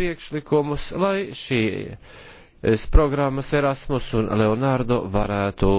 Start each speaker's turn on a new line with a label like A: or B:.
A: priekšlikumus, lai šīs programmas Erasmus un Leonardo varētu